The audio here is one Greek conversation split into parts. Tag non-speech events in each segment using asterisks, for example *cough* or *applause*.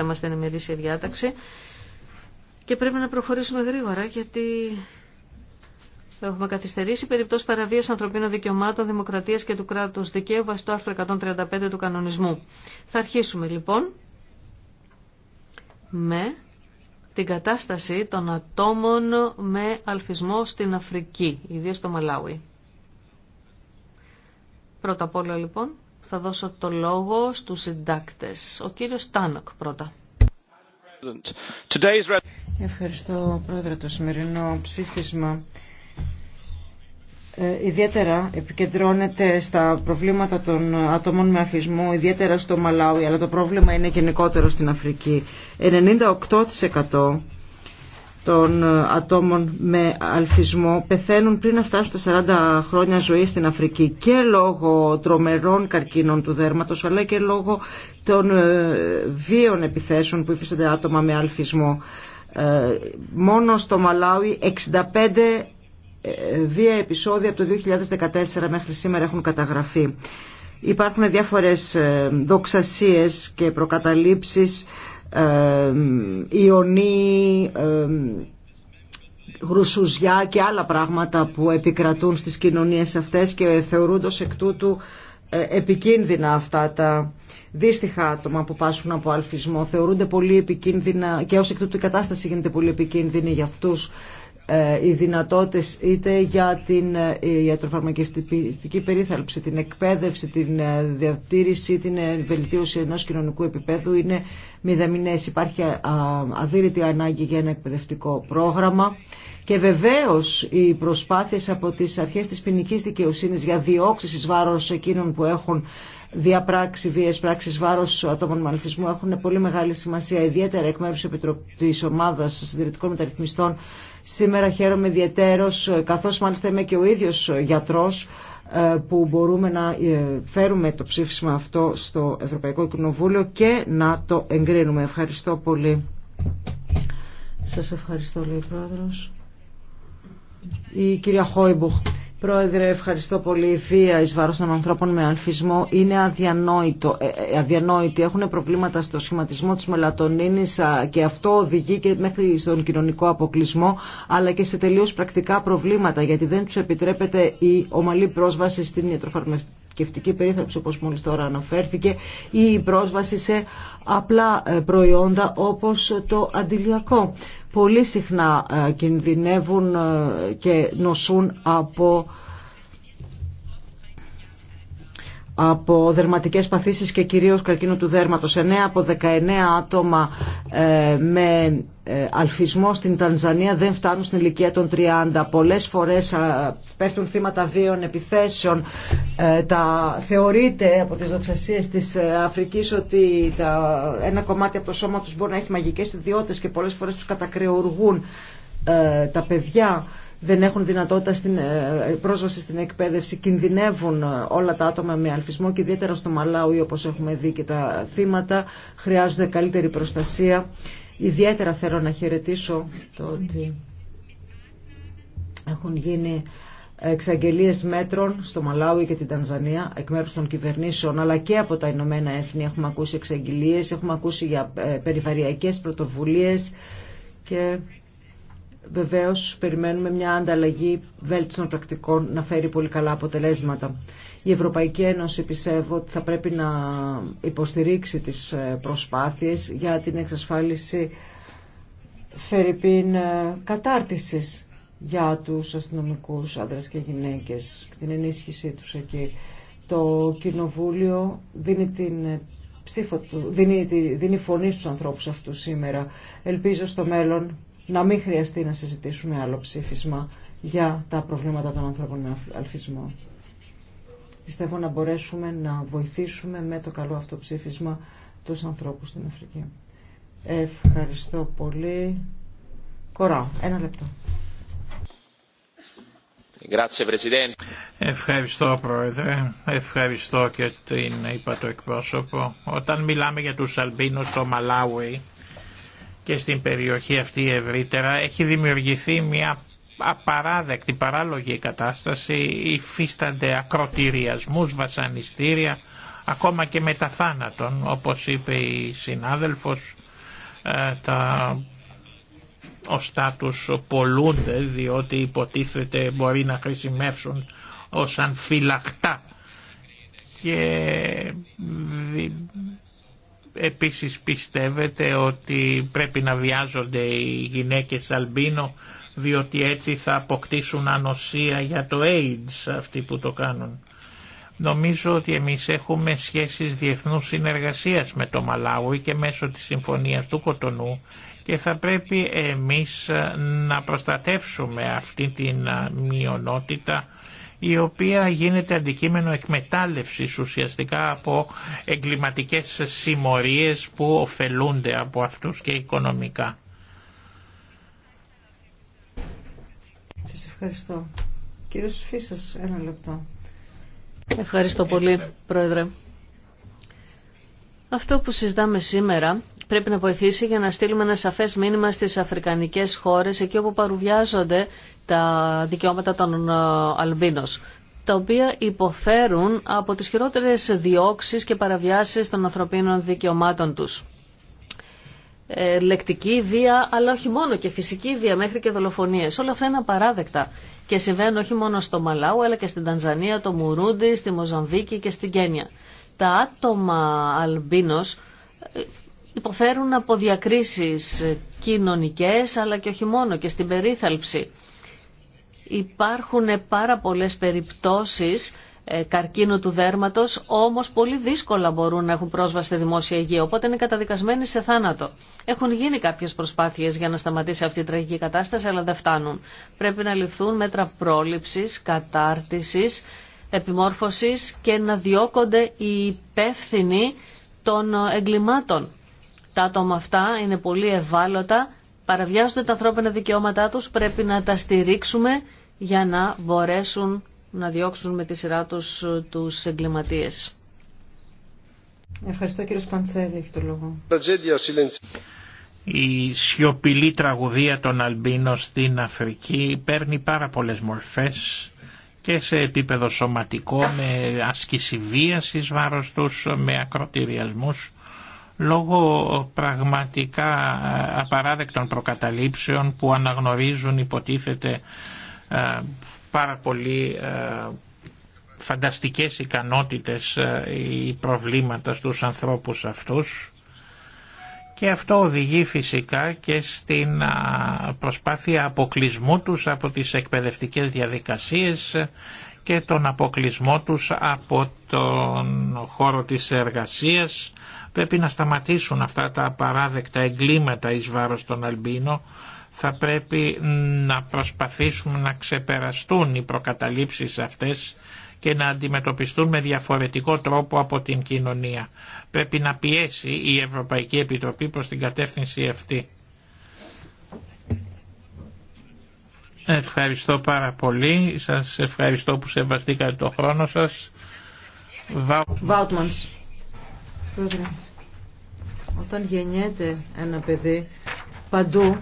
είμαστε ενημερίσει σε διάταξη και πρέπει να προχωρήσουμε γρήγορα γιατί έχουμε καθυστερήσει περιπτώσει παραβίαση ανθρωπίνων δικαιωμάτων, δημοκρατίας και του κράτους δικαίου βάσει το άρθρο 135 του κανονισμού. Θα αρχίσουμε λοιπόν με την κατάσταση των ατόμων με αλφισμό στην Αφρική, ιδίως στο Μαλάουι. Πρώτα απ' όλα λοιπόν θα δώσω το λόγο στους συντάκτες. Ο κύριος Τάνοκ πρώτα. Ευχαριστώ, Πρόεδρε, το σημερινό ψήφισμα. Ε, ιδιαίτερα επικεντρώνεται στα προβλήματα των ατόμων με αφισμό, ιδιαίτερα στο Μαλάουι, αλλά το πρόβλημα είναι γενικότερο στην Αφρική. 98% των ε, ατόμων με αλφισμό πεθαίνουν πριν να φτάσουν τα 40 χρόνια ζωή στην Αφρική και λόγω τρομερών καρκίνων του δέρματος αλλά και λόγω των ε, βίων επιθέσεων που υφίστανται άτομα με αλφισμό. Ε, μόνο στο Μαλάουι 65 βία επεισόδια από το 2014 μέχρι σήμερα έχουν καταγραφεί. Υπάρχουν διάφορες δοξασίες και προκαταλήψεις ε, ιονή, ε, γρουσουζιά και άλλα πράγματα που επικρατούν στις κοινωνίες αυτές και θεωρούνται ως εκ τούτου ε, επικίνδυνα αυτά τα δύστιχα άτομα που πάσχουν από αλφισμό θεωρούνται πολύ επικίνδυνα και ως εκ τούτου η κατάσταση γίνεται πολύ επικίνδυνη για αυτούς ε, οι δυνατότητες είτε για την ε, ιατροφαρμακευτική περίθαλψη, την εκπαίδευση, την ε, διατήρηση, την βελτίωση ενός κοινωνικού επίπεδου είναι μηδαμινές. Υπάρχει αδύρυτη ανάγκη για ένα εκπαιδευτικό πρόγραμμα και βεβαίως οι προσπάθειες από τις αρχές της ποινική δικαιοσύνης για διώξεις εις βάρος εκείνων που έχουν διαπράξει βίες πράξεις βάρος ατόμων μαλφισμού έχουν πολύ μεγάλη σημασία, ιδιαίτερα εκ μέρους της ομάδας συντηρητικών μεταρρυθμιστών. Σήμερα χαίρομαι ιδιαίτερος, καθώς μάλιστα είμαι και ο ίδιος γιατρός, ε, που μπορούμε να ε, φέρουμε το ψήφισμα αυτό στο Ευρωπαϊκό Κοινοβούλιο και να το εγκρίνουμε. Ευχαριστώ πολύ. Σας ευχαριστώ, λέει ο Πρόεδρος. Η κυρία Χόιμπουχ. Πρόεδρε, ευχαριστώ πολύ. Η βία εις βάρος των ανθρώπων με αλφισμό είναι αδιανόητο, ε, ε, αδιανόητη. Έχουν προβλήματα στο σχηματισμό της μελατονίνης και αυτό οδηγεί και μέχρι στον κοινωνικό αποκλεισμό, αλλά και σε τελείως πρακτικά προβλήματα, γιατί δεν τους επιτρέπεται η ομαλή πρόσβαση στην ιατροφαρμακευτική θρησκευτική περίθαλψη όπως μόλις τώρα αναφέρθηκε ή η πρόσβαση σε απλά ε, προϊόντα όπως το αντιλιακό. Πολύ συχνά ε, κινδυνεύουν ε, και νοσούν από από δερματικές παθήσεις και κυρίως καρκίνο του δέρματος. 9 από 19 άτομα με ε, αλφισμό στην Τανζανία δεν φτάνουν στην ηλικία των 30. Πολλές φορές πέφτουν θύματα βίων επιθέσεων. Ε, τα θεωρείται από τις δοξασίες της ε, Αφρικής ότι τα, ένα κομμάτι από το σώμα τους μπορεί να έχει μαγικές ιδιότητες και πολλές φορές τους κατακρεουργούν τα παιδιά δεν έχουν δυνατότητα στην, πρόσβαση στην εκπαίδευση, κινδυνεύουν όλα τα άτομα με αλφισμό και ιδιαίτερα στο Μαλάουι όπως έχουμε δει και τα θύματα, χρειάζονται καλύτερη προστασία Ιδιαίτερα θέλω να χαιρετήσω το ότι έχουν γίνει εξαγγελίες μέτρων στο Μαλάουι και την Τανζανία εκ μέρους των κυβερνήσεων αλλά και από τα Ηνωμένα Έθνη έχουμε ακούσει εξαγγελίες, έχουμε ακούσει για ε, περιφερειακές πρωτοβουλίες και Βεβαίω περιμένουμε μια ανταλλαγή βέλτιστων πρακτικών να φέρει πολύ καλά αποτελέσματα. Η Ευρωπαϊκή Ένωση πιστεύω ότι θα πρέπει να υποστηρίξει τις ε, προσπάθειες για την εξασφάλιση φερρυπίν ε, κατάρτιση για τους αστυνομικούς άντρε και γυναίκες την ενίσχυσή του εκεί. Το Κοινοβούλιο δίνει την ε, δίνει, δίνει φωνή στους ανθρώπους αυτούς σήμερα. Ελπίζω στο μέλλον να μην χρειαστεί να συζητήσουμε άλλο ψήφισμα για τα προβλήματα των ανθρώπων με αλφισμό. Πιστεύω να μπορέσουμε να βοηθήσουμε με το καλό αυτό ψήφισμα τους ανθρώπους στην Αφρική. Ευχαριστώ πολύ. Κορά, Ένα λεπτό. Ευχαριστώ Πρόεδρε, ευχαριστώ και την είπα το εκπρόσωπο. Όταν μιλάμε για τους Αλμπίνους στο Μαλάουι, και στην περιοχή αυτή ευρύτερα έχει δημιουργηθεί μια απαράδεκτη, παράλογη κατάσταση, υφίστανται ακροτηριασμούς, βασανιστήρια, ακόμα και μεταθάνατον, θάνατον, όπως είπε η συνάδελφος, ε, τα οστά τους πολλούνται διότι υποτίθεται μπορεί να χρησιμεύσουν ως ανφυλακτά και Επίσης πιστεύετε ότι πρέπει να βιάζονται οι γυναίκες αλμπίνο διότι έτσι θα αποκτήσουν ανοσία για το AIDS αυτοί που το κάνουν. Νομίζω ότι εμείς έχουμε σχέσεις διεθνούς συνεργασίας με το Μαλάουι και μέσω της Συμφωνίας του Κοτονού και θα πρέπει εμείς να προστατεύσουμε αυτή την μειονότητα η οποία γίνεται αντικείμενο εκμετάλλευσης ουσιαστικά από εγκληματικές συμμορίες που ωφελούνται από αυτούς και οικονομικά. Σας ευχαριστώ. Κύριος Φίσας, ένα λεπτό. Ευχαριστώ πολύ, Πρόεδρε. Αυτό που συζητάμε σήμερα πρέπει να βοηθήσει για να στείλουμε ένα σαφέ μήνυμα στι αφρικανικέ χώρε εκεί όπου παρουβιάζονται τα δικαιώματα των ε, αλμπίνος τα οποία υποφέρουν από τι χειρότερε διώξει και παραβιάσεις των ανθρωπίνων δικαιωμάτων του. Ε, λεκτική βία, αλλά όχι μόνο και φυσική βία μέχρι και δολοφονίε. Όλα αυτά είναι απαράδεκτα και συμβαίνουν όχι μόνο στο Μαλάου, αλλά και στην Τανζανία, το Μουρούντι, στη Μοζαμβίκη και στην Κένια. Τα άτομα Αλμπίνο. Ε, υποφέρουν από διακρίσεις κοινωνικές αλλά και όχι μόνο και στην περίθαλψη. Υπάρχουν πάρα πολλές περιπτώσεις ε, καρκίνου του δέρματος, όμως πολύ δύσκολα μπορούν να έχουν πρόσβαση στη δημόσια υγεία, οπότε είναι καταδικασμένοι σε θάνατο. Έχουν γίνει κάποιες προσπάθειες για να σταματήσει αυτή η τραγική κατάσταση, αλλά δεν φτάνουν. Πρέπει να ληφθούν μέτρα πρόληψης, κατάρτισης, επιμόρφωσης και να διώκονται οι υπεύθυνοι των εγκλημάτων. Τα άτομα αυτά είναι πολύ ευάλωτα, παραβιάζονται τα ανθρώπινα δικαιώματά τους, πρέπει να τα στηρίξουμε για να μπορέσουν να διώξουν με τη σειρά τους ε, τους εγκληματίες. Ευχαριστώ κύριε Σπαντσέλη, έχει το λόγο. Η σιωπηλή τραγουδία των Αλμπίνων στην Αφρική παίρνει πάρα πολλές μορφές και σε επίπεδο σωματικό με άσκηση βίας βάρος τους, με ακροτηριασμούς λόγω πραγματικά ε, απαράδεκτων προκαταλήψεων που αναγνωρίζουν υποτίθεται ε, πάρα πολύ ε, φανταστικές ικανότητες ή προβλήματα στους ανθρώπους αυτούς και αυτό οδηγεί φυσικά και στην προσπάθεια αποκλεισμού τους από τις εκπαιδευτικές διαδικασίες και τον αποκλεισμό τους από τον χώρο της εργασίας, Πρέπει να σταματήσουν αυτά τα απαράδεκτα εγκλήματα εις βάρος των Αλμπίνο. Θα πρέπει να προσπαθήσουμε να ξεπεραστούν οι προκαταλήψεις αυτές και να αντιμετωπιστούν με διαφορετικό τρόπο από την κοινωνία. Πρέπει να πιέσει η Ευρωπαϊκή Επιτροπή προς την κατεύθυνση αυτή. Ευχαριστώ πάρα πολύ. Σας ευχαριστώ που σεβαστήκατε το χρόνο σας. Πρόεδρε, όταν γεννιέται ένα παιδί παντού,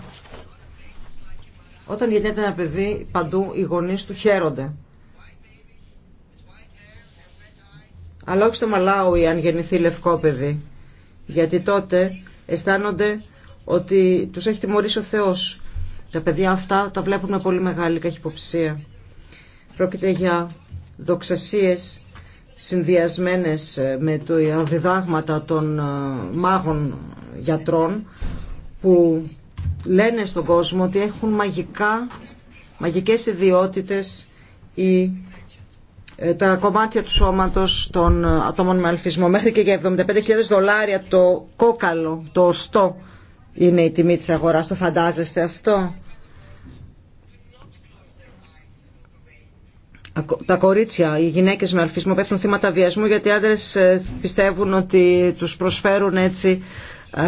όταν γεννιέται ένα παιδί παντού οι γονείς του χαίρονται. Αλλά όχι στο Μαλάουι αν γεννηθεί λευκό παιδί. Γιατί τότε αισθάνονται ότι τους έχει τιμωρήσει ο Θεός. Τα παιδιά αυτά τα βλέπουν με πολύ μεγάλη καχυποψία. Πρόκειται για δοξασίες συνδυασμένες ε, με τα ε, διδάγματα των ε, μάγων γιατρών που λένε στον κόσμο ότι έχουν μαγικά, μαγικές ιδιότητες η τα κομμάτια του σώματος των ατόμων με αλφισμό. Μέχρι και για 75.000 δολάρια το κόκαλο, το οστό είναι η τιμή της αγοράς. Το φαντάζεστε αυτό. τα κορίτσια, οι γυναίκες με αλφισμό πέφτουν θύματα βιασμού γιατί οι άντρες ε, πιστεύουν ότι τους προσφέρουν έτσι ε,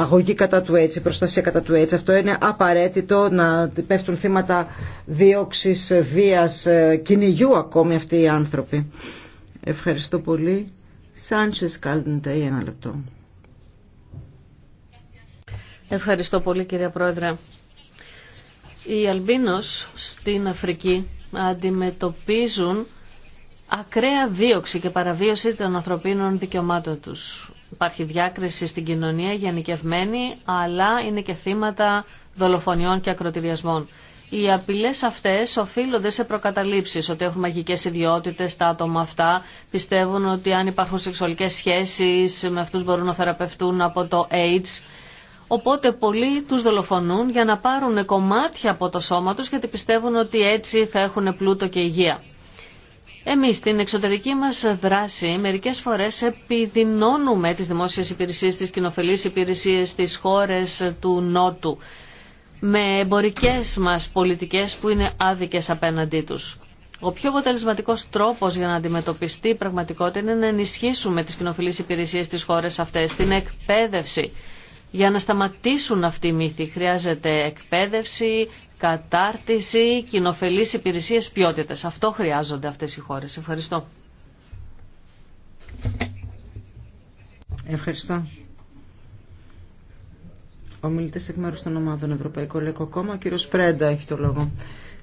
αγωγή κατά του έτσι προστασία κατά του έτσι Αυτό είναι απαραίτητο να πέφτουν θύματα δίωξη, βίας, ε, κυνηγιού ακόμη αυτοί οι άνθρωποι. Ευχαριστώ πολύ. Σάντσε Κάλντεντε, ένα λεπτό. Ευχαριστώ πολύ κυρία Πρόεδρε. Η Αλμπίνος στην Αφρική αντιμετωπίζουν ακραία δίωξη και παραβίωση των ανθρωπίνων δικαιωμάτων τους. Υπάρχει διάκριση στην κοινωνία γενικευμένη, αλλά είναι και θύματα δολοφονιών και ακροτηριασμών. Οι απειλέ αυτέ οφείλονται σε προκαταλήψει, ότι έχουν μαγικέ ιδιότητε τα άτομα αυτά. Πιστεύουν ότι αν υπάρχουν σεξουαλικέ σχέσει με αυτού μπορούν να θεραπευτούν από το AIDS. Οπότε πολλοί τους δολοφονούν για να πάρουν κομμάτια από το σώμα τους γιατί πιστεύουν ότι έτσι θα έχουν πλούτο και υγεία. Εμείς στην εξωτερική μας δράση μερικές φορές επιδεινώνουμε τις δημόσιες υπηρεσίες, τις κοινοφελείς υπηρεσίες, στις χώρες του Νότου με εμπορικές μας πολιτικές που είναι άδικες απέναντί τους. Ο πιο αποτελεσματικό τρόπο για να αντιμετωπιστεί η πραγματικότητα είναι να ενισχύσουμε τι κοινοφιλεί υπηρεσίε στι χώρε αυτέ, την εκπαίδευση, για να σταματήσουν αυτοί οι μύθοι χρειάζεται εκπαίδευση, κατάρτιση, κοινοφελείς υπηρεσίες ποιότητας. Αυτό χρειάζονται αυτές οι χώρες. Ευχαριστώ. Ευχαριστώ. Ομιλητέ εκ μέρου των ομάδων Ευρωπαϊκό Λαϊκό Κόμμα, κύριο Πρέντα έχει το λόγο.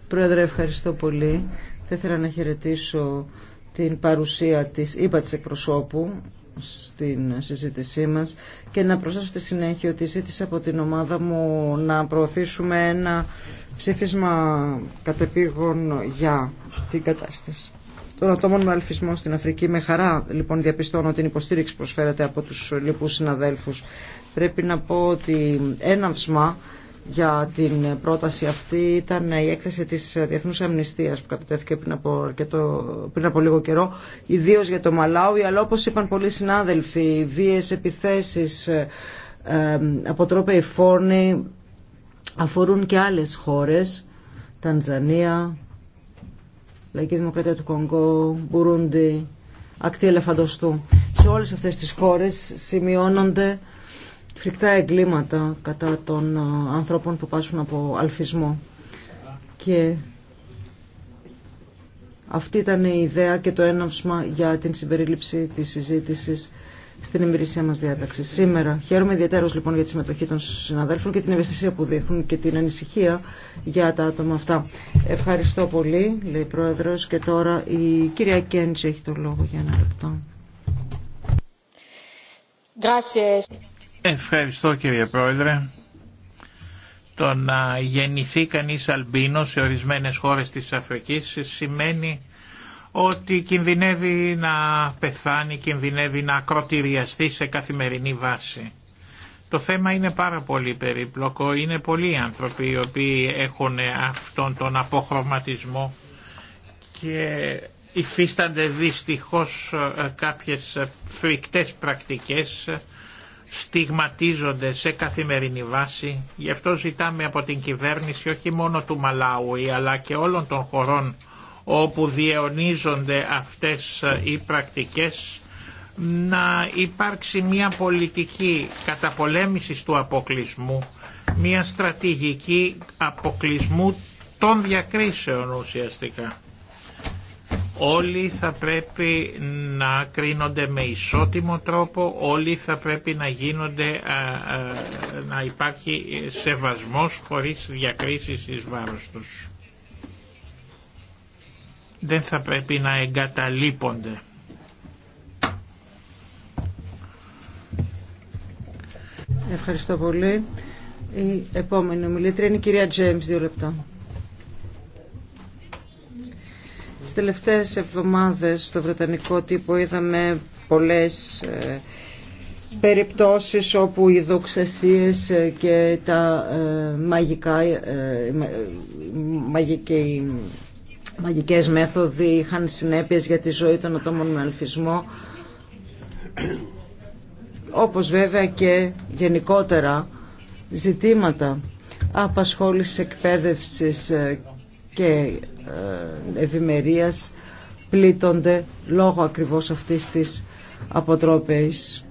Πρόεδρε, ευχαριστώ πολύ. Θα ήθελα να χαιρετήσω την παρουσία τη ΥΠΑ τη εκπροσώπου στην συζήτησή μας και να προσθέσω στη συνέχεια ότι ζήτησα από την ομάδα μου να προωθήσουμε ένα ψήφισμα κατεπήγων για την κατάσταση των ατόμων με αλφισμό στην Αφρική. Με χαρά λοιπόν διαπιστώνω την υποστήριξη που προσφέρεται από τους λοιπούς συναδέλφους. Πρέπει να πω ότι ένα έναυσμα για την πρόταση αυτή ήταν η έκθεση της Διεθνούς Αμνηστίας που κατατέθηκε πριν από, πριν από λίγο καιρό, ιδίω για το Μαλάουι, αλλά όπως είπαν πολλοί συνάδελφοι, βίες επιθέσεις, αποτρόπαιοι φόρνοι αφορούν και άλλες χώρες, Τανζανία, Λαϊκή Δημοκρατία του Κονγκό, Μπουρούντι, Ακτή Ελεφαντοστού. Σε όλες αυτές τις χώρες σημειώνονται φρικτά εγκλήματα κατά των ε, ανθρώπων που πάσουν από αλφισμό. Και αυτή ήταν η ιδέα και το έναυσμα για την συμπερίληψη της συζήτησης στην ημερήσια μας διάταξη. Σήμερα χαίρομαι ιδιαίτερα λοιπόν για τη συμμετοχή των συναδέλφων και την ευαισθησία που δείχνουν και την ανησυχία για τα άτομα αυτά. Ευχαριστώ πολύ, λέει η Πρόεδρος, και τώρα η κυρία Κέντζη έχει το λόγο για ένα λεπτό. Ευχαριστώ κύριε Πρόεδρε. Το να γεννηθεί κανείς αλμπίνο σε ορισμένες χώρες της Αφρικής σημαίνει ότι κινδυνεύει να πεθάνει, κινδυνεύει να ακροτηριαστεί σε καθημερινή βάση. Το θέμα είναι πάρα πολύ περίπλοκο, είναι πολλοί άνθρωποι οι οποίοι έχουν αυτόν τον αποχρωματισμό και υφίστανται δυστυχώς ε, κάποιες φρικτές πρακτικές στιγματίζονται σε καθημερινή βάση. Γι' αυτό ζητάμε από την κυβέρνηση όχι μόνο του Μαλάουι αλλά και όλων των χωρών όπου διαιωνίζονται αυτές ε, οι πρακτικές να υπάρξει μια πολιτική καταπολέμησης του αποκλεισμού, μια στρατηγική αποκλεισμού των διακρίσεων ουσιαστικά όλοι θα πρέπει να κρίνονται με ισότιμο τρόπο, όλοι θα πρέπει να γίνονται, να υπάρχει σεβασμός χωρίς διακρίσεις εις βάρος τους. Δεν θα πρέπει να εγκαταλείπονται. Ευχαριστώ πολύ. Η επόμενη ομιλήτρια είναι η κυρία Τζέμς. δύο λεπτά. Τις τελευταίες εβδομάδες στο Βρετανικό τύπο είδαμε πολλές ε, περιπτώσεις όπου οι δοξασίες ε, και τα ε, μαγικά, μαγικές μέθοδοι είχαν συνέπειες για τη ζωή των ατόμων με αλφισμό όπως βέβαια και γενικότερα ζητήματα απασχόλησης εκπαίδευσης και ε, ευημερίας πλήττονται λόγω ακριβώς αυτής της αποτρόπαιης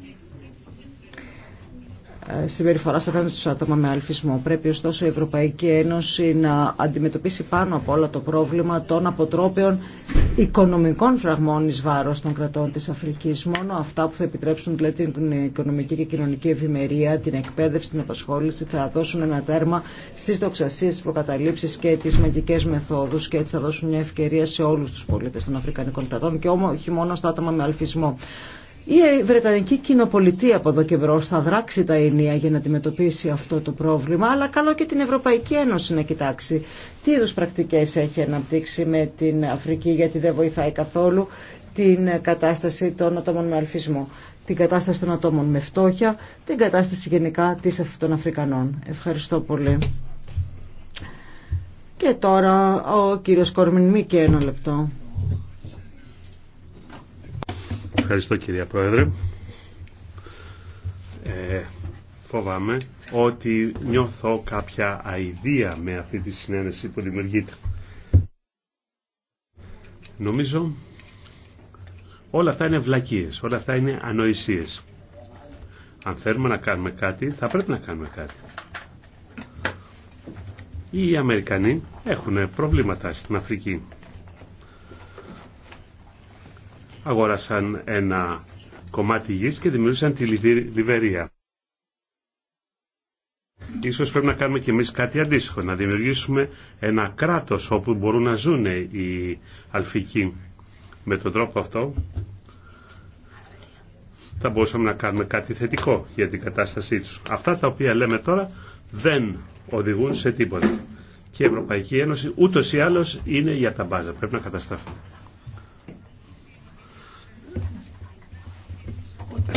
συμπεριφορά απέναντι στου άτομα με αλφισμό. Πρέπει ωστόσο η Ευρωπαϊκή Ένωση να αντιμετωπίσει πάνω από όλα το πρόβλημα των αποτρόπαιων οικονομικών φραγμών ει βάρο των κρατών τη Αφρική. Μόνο αυτά που θα επιτρέψουν δηλαδή, την οικονομική και κοινωνική ευημερία, την εκπαίδευση, την απασχόληση, θα δώσουν ένα τέρμα στι δοξασίε, τι προκαταλήψει και τι μαγικέ μεθόδου και έτσι θα δώσουν μια ευκαιρία σε όλου του πολίτε των Αφρικανικών κρατών και όχι μόνο στα άτομα με αλφισμό. Η Βρετανική κοινοπολιτεία από εδώ και μπρο θα δράξει τα ενία για να αντιμετωπίσει αυτό το πρόβλημα, αλλά καλό και την Ευρωπαϊκή Ένωση να κοιτάξει τι είδου πρακτικέ έχει αναπτύξει με την Αφρική, γιατί δεν βοηθάει καθόλου την κατάσταση των ατόμων με αλφισμό, την κατάσταση των ατόμων με φτώχεια, την κατάσταση γενικά των Αφρικανών. Ευχαριστώ πολύ. Και τώρα ο κύριος Κόρμιν και ένα λεπτό. Ευχαριστώ κυρία Πρόεδρε. Ε, φοβάμαι ότι νιώθω κάποια αηδία με αυτή τη συνένεση που δημιουργείται. Νομίζω όλα αυτά είναι βλακίες, όλα αυτά είναι ανοησίες. Αν θέλουμε να κάνουμε κάτι, θα πρέπει να κάνουμε κάτι. Οι Αμερικανοί έχουν προβλήματα στην Αφρική αγόρασαν ένα κομμάτι γης και δημιούργησαν τη Λιβερία. Ίσως πρέπει να κάνουμε και εμείς κάτι αντίστοιχο, να δημιουργήσουμε ένα κράτος όπου μπορούν να ζουν οι αλφικοί. Με τον τρόπο αυτό θα μπορούσαμε να κάνουμε κάτι θετικό για την κατάστασή τους. Αυτά τα οποία λέμε τώρα δεν οδηγούν σε τίποτα. Και η Ευρωπαϊκή Ένωση ούτως ή άλλως είναι για τα μπάζα. Πρέπει να καταστραφεί.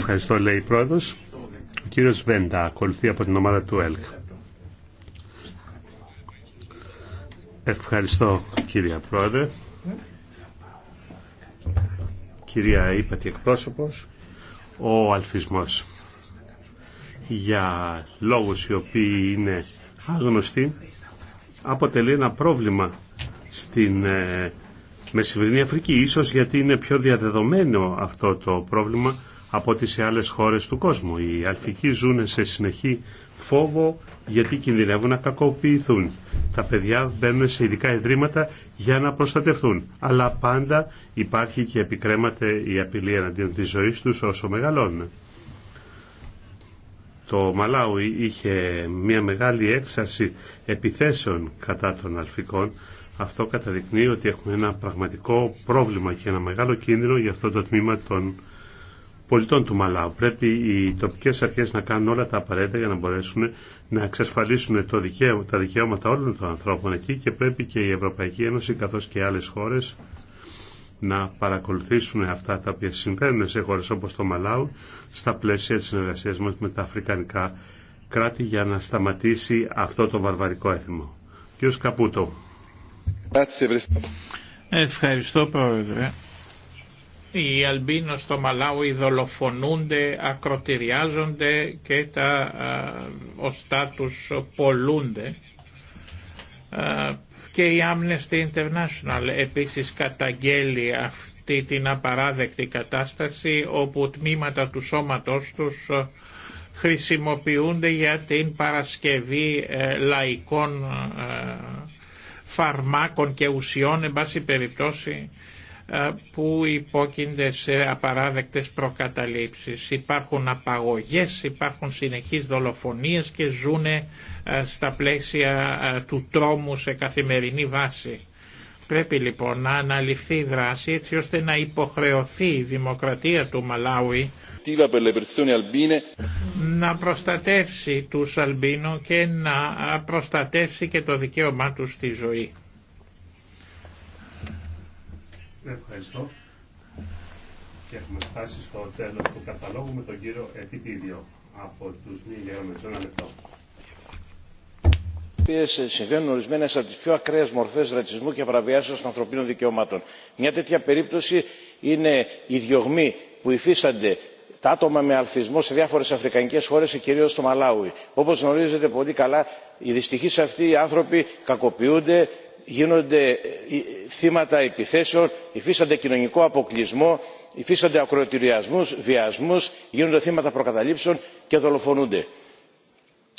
Ευχαριστώ, λέει η πρόεδρο. Ο κύριο Βέντα ακολουθεί από την ομάδα του ΕΛΚ. Ευχαριστώ, κύριε πρόεδρε. Κυρία Ήπατη εκπρόσωπος, ο αλφισμός για λόγους οι οποίοι είναι άγνωστοι αποτελεί ένα πρόβλημα στην ε, Μεσημβρινή Αφρική, ίσως γιατί είναι πιο διαδεδομένο αυτό το πρόβλημα από ό,τι σε άλλες χώρες του κόσμου. Οι αλφικοί ζουν σε συνεχή φόβο γιατί κινδυνεύουν να κακοποιηθούν. Τα παιδιά μπαίνουν σε ειδικά ιδρύματα για να προστατευτούν. Αλλά πάντα υπάρχει και επικρέμαται η απειλή εναντίον της ζωής τους όσο μεγαλώνουν. Το Μαλάου είχε μια μεγάλη έξαρση επιθέσεων κατά των αλφικών. Αυτό καταδεικνύει ότι έχουμε ένα πραγματικό πρόβλημα και ένα μεγάλο κίνδυνο για αυτό το τμήμα των πολιτών του Μαλάου. Πρέπει οι τοπικές αρχές να κάνουν όλα τα απαραίτητα για να μπορέσουν να εξασφαλίσουν το δικαίω, τα δικαιώματα όλων των ανθρώπων εκεί και πρέπει και η Ευρωπαϊκή Ένωση καθώς και άλλες χώρες να παρακολουθήσουν αυτά τα οποία συμβαίνουν σε χώρες όπως το Μαλάου στα πλαίσια της συνεργασίας μας με τα αφρικανικά κράτη για να σταματήσει αυτό το βαρβαρικό έθιμο. Κύριος Καπούτο. Ευχαριστώ Πρόεδρε οι Αλμπίνο στο Μαλάουι δολοφονούνται, ακροτηριάζονται και τα οστά τους πολλούνται. και η Amnesty International επίσης καταγγέλει αυτή την απαράδεκτη κατάσταση όπου τμήματα του σώματός τους χρησιμοποιούνται για την παρασκευή ε, λαϊκών φαρμάκων και ουσιών, εν πάση περιπτώσει, ε, που υπόκεινται σε απαράδεκτες προκαταλήψεις. Υπάρχουν απαγωγές, υπάρχουν συνεχείς δολοφονίες και ζούνε ε, στα πλαίσια ε, του τρόμου σε καθημερινή βάση. Πρέπει λοιπόν να αναλυφθεί η δράση έτσι ώστε να υποχρεωθεί η δημοκρατία του Μαλάουι να προστατεύσει τους Αλμπίνο και να προστατεύσει και το δικαίωμά τους στη ζωή. Ευχαριστώ. Και έχουμε φτάσει στο τέλος του καταλόγου με τον κύριο Επιτήριο από τους μη με Ένα λεπτό. Οι οποίε ε, συμβαίνουν ορισμένε από τι πιο ακραίε μορφέ ρατσισμού και παραβιάσεω των ανθρωπίνων δικαιωμάτων. Μια τέτοια περίπτωση είναι οι διωγμοί που υφίστανται τα άτομα με αλθισμό σε διάφορε αφρικανικέ χώρε και κυρίω στο Μαλάουι. Όπω γνωρίζετε πολύ καλά, οι δυστυχεί αυτοί οι άνθρωποι κακοποιούνται, γίνονται ε, θύματα επιθέσεων υφίστανται κοινωνικό αποκλεισμό υφίστανται ακροτηριασμούς βιασμούς γίνονται θύματα προκαταλήψεων και δολοφονούνται.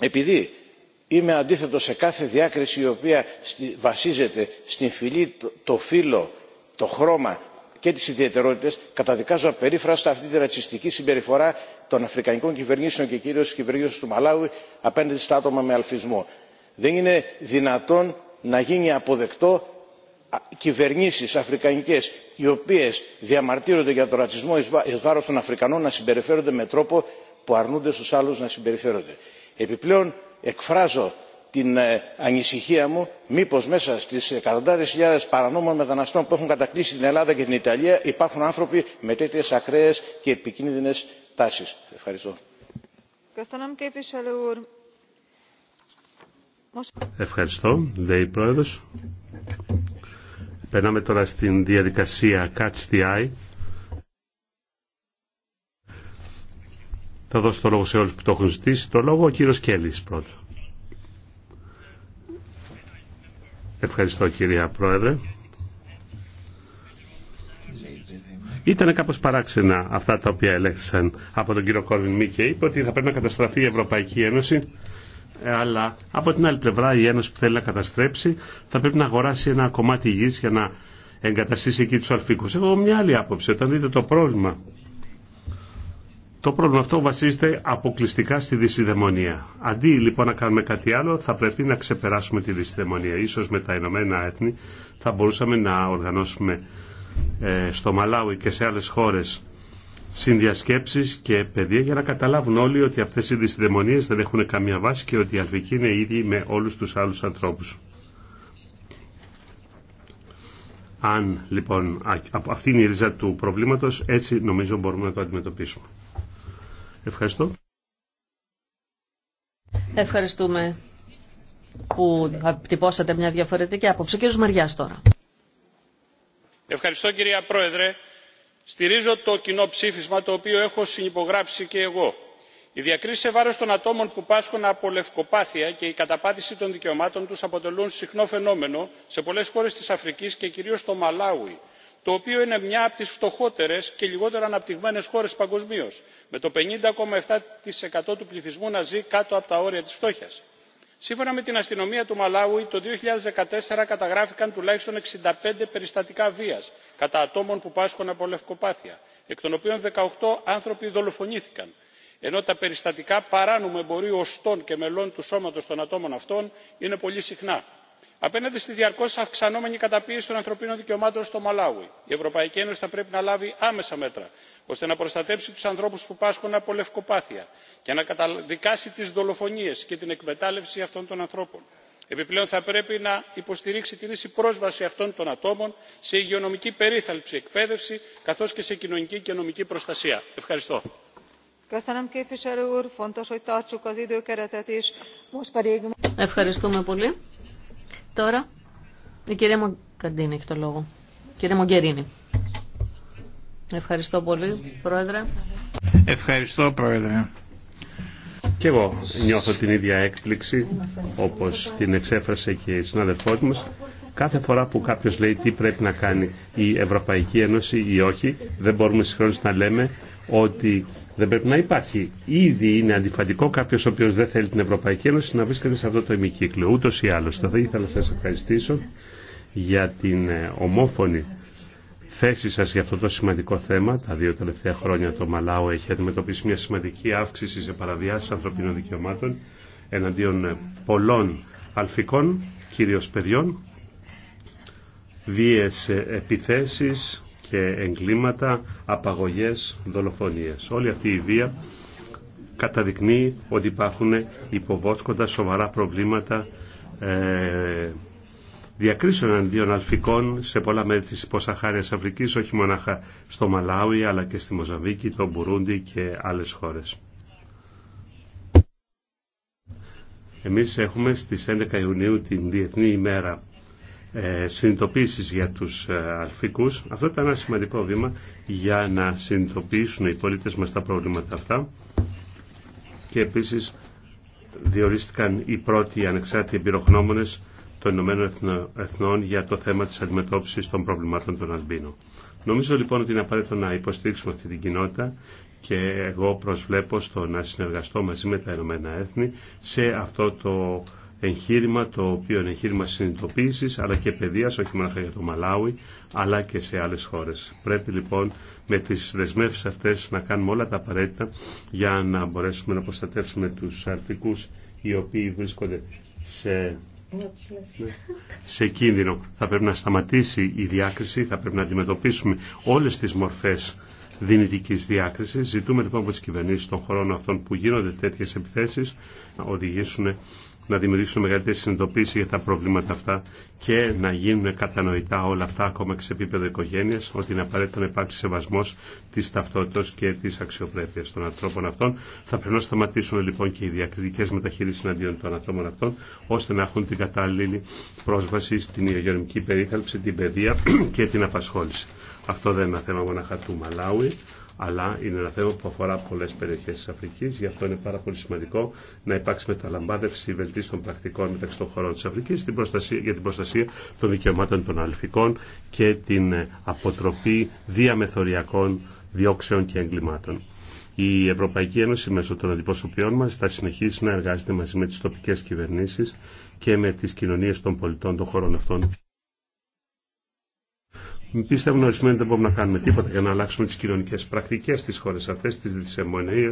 επειδή είμαι αντίθετο σε κάθε διάκριση η οποία βασίζεται στην φυλή το φύλο το χρώμα και τις ιδιαιτερότητες καταδικάζω απερίφραστα αυτή τη ρατσιστική συμπεριφορά των αφρικανικών κυβερνήσεων και κυρίως της του μαλάουι απέναντι στα άτομα με αλφισμό. δεν είναι δυνατόν να γίνει αποδεκτό κυβερνήσεις αφρικανικές οι οποίες διαμαρτύρονται για τον ρατσισμό εις βάρος των αφρικανών να συμπεριφέρονται με τρόπο που αρνούνται στους άλλους να συμπεριφέρονται. επιπλέον εκφράζω την ε, ανησυχία μου μήπως μέσα στις εκατοντάδες χιλιάδες παρανόμων μεταναστών που έχουν κατακτήσει την ελλάδα και την ιταλία υπάρχουν άνθρωποι με τέτοιες ακραίες και επικίνδυνες τάσεις. ευχαριστώ. Ευχαριστώ, λέει η Πρόεδρος. Περνάμε τώρα στην διαδικασία Catch the Eye. Θα δώσω το λόγο σε όλους που το έχουν ζητήσει. Το λόγο ο κύριος Κέλλης πρώτα. Ευχαριστώ κυρία Πρόεδρε. Ήταν κάπω παράξενα αυτά τα οποία ελέγχθησαν από τον κύριο Κόρβιν Μίκε. Είπε ότι θα πρέπει να καταστραφεί η Ευρωπαϊκή Ένωση ε, αλλά από την άλλη πλευρά η Ένωση που θέλει να καταστρέψει θα πρέπει να αγοράσει ένα κομμάτι γης για να εγκαταστήσει εκεί τους αλφίκους. Εγώ έχω μια άλλη άποψη. Όταν δείτε το πρόβλημα, το πρόβλημα αυτό βασίζεται αποκλειστικά στη δυσυδαιμονία. Αντί λοιπόν να κάνουμε κάτι άλλο, θα πρέπει να ξεπεράσουμε τη δυσυδαιμονία. Ίσως με τα Ηνωμένα Έθνη θα μπορούσαμε να οργανώσουμε ε, στο Μαλάουι και σε άλλες χώρες συνδιασκέψεις και παιδεία για να καταλάβουν όλοι ότι αυτές οι δυσδαιμονίες δεν έχουν καμία βάση και ότι η Αλφική είναι ίδια με όλους τους άλλους ανθρώπους. Αν λοιπόν αυτή είναι η ρίζα του προβλήματος, έτσι νομίζω μπορούμε να το αντιμετωπίσουμε. Ευχαριστώ. Ευχαριστούμε που τυπώσατε μια διαφορετική άποψη. Ο Μαριάς τώρα. Ευχαριστώ κυρία Πρόεδρε στηρίζω το κοινό ψήφισμα το οποίο έχω συνυπογράψει και εγώ. οι διακρίση σε βάρος των ατόμων που πάσχουν από λευκοπάθεια και η καταπάτηση των δικαιωμάτων τους αποτελούν συχνό φαινόμενο σε πολλές χώρες της αφρικής και κυρίως στο μαλάουι το οποίο είναι μια από τις φτωχότερες και λιγότερο αναπτυγμένες χώρε παγκοσμίω, με το 50,7% του πληθυσμού να ζει κάτω από τα όρια τη φτώχειας σύμφωνα με την αστυνομία του μαλάουι το 2014 καταγράφηκαν τουλάχιστον 65 περιστατικά βίας κατά ατόμων που πάσχουν από λευκοπάθεια εκ των οποίων 18 άνθρωποι δολοφονήθηκαν ενώ τα περιστατικά παράνομου εμπορίου οστών και μελών του σώματος των ατόμων αυτών είναι πολύ συχνά απέναντι στη διαρκώ αυξανόμενη καταπίεση των ανθρωπίνων δικαιωμάτων στο μαλάουι η ευρωπαϊκή ένωση θα πρέπει να λάβει άμεσα μέτρα ώστε να προστατεύσει του ανθρώπου που πάσχουν από λευκοπάθεια και να καταδικάσει τι δολοφονίε και την εκμετάλλευση αυτών των ανθρώπων. επιπλέον θα πρέπει να υποστηρίξει την ίση πρόσβαση αυτών των ατόμων σε υγειονομική περίθαλψη εκπαίδευση καθώ και σε κοινωνική και νομική προστασία. ευχαριστώ. Τώρα η κυρία Μογκαντίνη έχει το λόγο. Κυρία Μογκερίνη. Ευχαριστώ πολύ, Πρόεδρε. Ευχαριστώ, Πρόεδρε. Και εγώ νιώθω την ίδια έκπληξη, όπως την εξέφρασε και η συνάδελφός μας, Κάθε φορά που κάποιο λέει τι πρέπει να κάνει η Ευρωπαϊκή Ένωση ή όχι, δεν μπορούμε συγχρόνω να λέμε ότι δεν πρέπει να υπάρχει. Ήδη είναι αντιφατικό κάποιο ο οποίο δεν θέλει την Ευρωπαϊκή Ένωση να βρίσκεται σε αυτό το ημικύκλιο. Ούτω ή άλλω. Θα ήθελα να σα ευχαριστήσω για την ε, ομόφωνη θέση σας για αυτό το σημαντικό θέμα. Τα δύο τελευταία χρόνια το Μαλάο έχει αντιμετωπίσει μια σημαντική αύξηση σε παραβιάσεις ανθρωπίνων δικαιωμάτων εναντίον ε, πολλών αλφικών, κυρίως παιδιών βίες επιθέσεις και εγκλήματα, απαγωγές, δολοφονίες. Όλη αυτή η βία καταδεικνύει ότι υπάρχουν υποβόσκοντα σοβαρά προβλήματα ε, διακρίσεων αντίον αλφικών σε πολλά μέρη της υποσαχάριας Αφρικής, όχι μονάχα στο Μαλάουι αλλά και στη Μοζαβίκη, το Μπουρούντι και άλλες χώρες. Εμείς έχουμε στις 11 Ιουνίου την Διεθνή ημέρα ε, συνειδητοποίησης για τους ε, αλφικούς. Αυτό ήταν ένα σημαντικό βήμα για να συνειδητοποιήσουν οι πολίτες μας τα προβλήματα αυτά και επίσης διορίστηκαν οι πρώτοι ανεξάρτητοι εμπειρογνώμονες των Ηνωμένων Εθνών για το θέμα της αντιμετώπισης των προβλημάτων των Αλμπίνων. Νομίζω λοιπόν ότι είναι απαραίτητο να υποστηρίξουμε αυτή την κοινότητα και εγώ προσβλέπω στο να συνεργαστώ μαζί με τα Ηνωμένα Έθνη σε αυτό το εγχείρημα το οποίο είναι εγχείρημα συνειδητοποίηση αλλά και παιδεία, όχι μόνο για το Μαλάουι αλλά και σε άλλε χώρε. Πρέπει λοιπόν με τι δεσμεύσει αυτέ να κάνουμε όλα τα απαραίτητα για να μπορέσουμε να προστατεύσουμε του αρθικούς οι οποίοι βρίσκονται σε σε κίνδυνο. Θα πρέπει να σταματήσει η διάκριση, θα πρέπει να αντιμετωπίσουμε όλες τις μορφές δυνητική διάκριση. Ζητούμε λοιπόν από τι κυβερνήσει των χωρών αυτών που γίνονται τέτοιε επιθέσει να οδηγήσουν να δημιουργήσουν μεγαλύτερη συνειδητοποίηση για τα προβλήματα αυτά και να γίνουν κατανοητά όλα αυτά ακόμα και σε επίπεδο οικογένεια, ότι είναι απαραίτητο να υπάρξει σεβασμό τη ταυτότητα και τη αξιοπρέπεια των ανθρώπων αυτών. Θα πρέπει να σταματήσουν λοιπόν και οι διακριτικέ μεταχειρήσει εναντίον των ανθρώπων αυτών, ώστε να έχουν την κατάλληλη πρόσβαση στην υγειονομική περίθαλψη, την παιδεία *clears throat* και την απασχόληση. Αυτό δεν είναι ένα θέμα μοναχα του Μαλάουι, αλλά είναι ένα θέμα που αφορά πολλές περιοχές της Αφρικής, γι' αυτό είναι πάρα πολύ σημαντικό να υπάρξει μεταλαμπάδευση βελτίστων πρακτικών μεταξύ των χωρών της Αφρικής για την προστασία των δικαιωμάτων των αλφικών και την ε, αποτροπή διαμεθοριακών διώξεων και εγκλημάτων. Η Ευρωπαϊκή Ένωση μέσω των αντιπροσωπιών μας θα συνεχίσει να εργάζεται μαζί με τις τοπικές κυβερνήσεις και με τις κοινωνίες των πολιτών των χωρών αυτών. Πιστεύουν ορισμένοι δεν μπορούμε να κάνουμε τίποτα για να αλλάξουμε τι κοινωνικέ πρακτικέ στι χώρε αυτέ, τι δυσαιμονίε,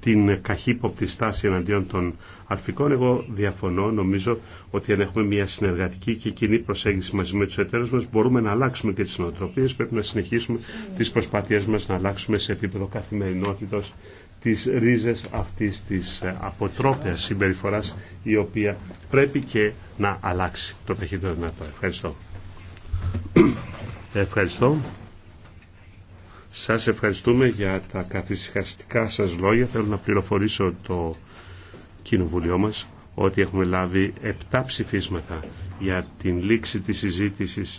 την καχύποπτη στάση εναντίον των αρφικών. Εγώ διαφωνώ. Νομίζω ότι αν έχουμε μια συνεργατική και κοινή προσέγγιση μαζί με του εταίρου μα, μπορούμε να αλλάξουμε και τι νοοτροπίε. Πρέπει να συνεχίσουμε τι προσπάθειές μα να αλλάξουμε σε επίπεδο καθημερινότητα τις ρίζες αυτής της ε, αποτρόπιας συμπεριφοράς η οποία πρέπει και να αλλάξει το ταχύτερο δυνατό. Ευχαριστώ. Ευχαριστώ. Σας ευχαριστούμε για τα καθησυχαστικά σας λόγια. Θέλω να πληροφορήσω το κοινοβουλίο μας ότι έχουμε λάβει 7 ψηφίσματα για την λήξη της συζήτησης